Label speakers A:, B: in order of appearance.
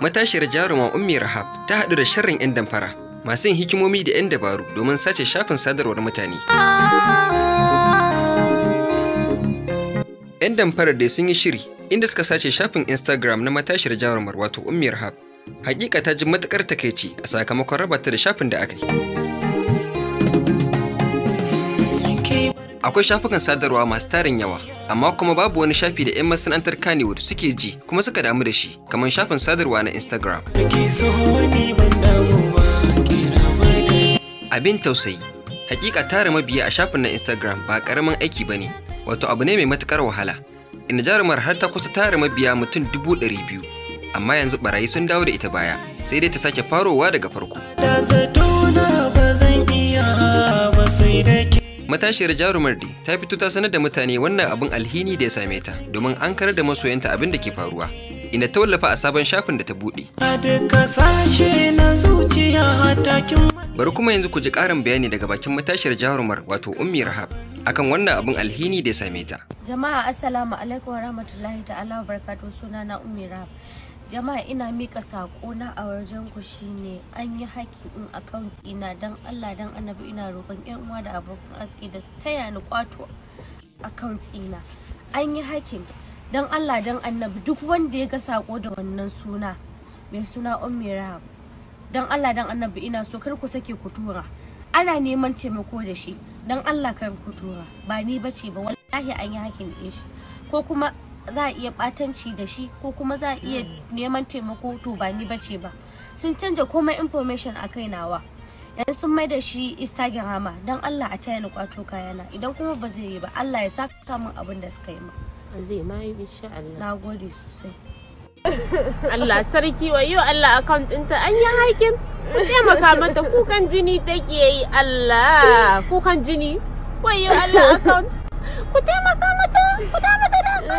A: Matashiyar jaruma Ummi Rahab ta haɗu da sharrin 'yan damfara masu yin hikimomi da 'yan dabaru domin sace shafin sadarwar mutane. 'Yan damfarar dai sun yi shiri inda suka sace shafin Instagram na matashiyar jarumar wato Ummi Rahab. Hakika ta ji matukar takaici a sakamakon rabata da shafin da aka yi. Akwai shafukan sadarwa masu tarin yawa, amma kuma babu wani shafi da 'yan masana'antar Kannywood suke ji kuma suka damu da shi, kamar shafin sadarwa na Instagram. Abin tausayi, hakika tara mabiya a shafin na Instagram ba karamin aiki ba ne, wato abu ne mai matukar wahala. Ina jarumar har ta kusa tara mabiya mutum dubu ɗari biyu, amma yanzu barayi sun dawo da ita baya, sai dai ta sake farowa daga farko. matashiyar jarumar di ta fito ta sanar da mutane wannan abin alhini da ya same ta domin an karar da masoyanta abin da ke faruwa ina ta wallafa a sabon shafin da ta buɗe. Bari kuma yanzu ku ji ƙarin bayani daga bakin matashiyar jarumar wato Ummi Rahab akan wannan abin alhini da ya same ta.
B: Jama'a Assalamu alaikum wa rahmatullahi ta'ala wa barakatuhu suna na Ummi Rahab. jama'a ina mika sako na a wajen ku shine an yi haƙƙin in account ina dan Allah dan annabi ina roƙon ƴan uwa da abokan aski da taya ni kwato account ina an yi haƙƙin, dan Allah dan annabi duk wanda ya ga sako da wannan suna mai suna ummi rahab dan Allah dan annabi ina so kar ku sake ku tura ana neman taimako da shi dan Allah kar ku tura ba ni bace ba wallahi an yi haƙƙin din shi ko kuma za a iya batanci da shi ko kuma za a iya hmm. neman taimako to ba ni bace ba sun canja komai information a kai nawa yan sun mai da shi instagram don allah a caya ni kwato kayana idan kuma ba zai yi ba allah ya saka min abin da suka yi ma
C: zai ma yi insha allah na gode sosai Allah sarki wayo Allah account ɗinta an yi haikin ku taimaka mata kukan jini take yi Allah kukan jini wayo Allah account ku taimaka mata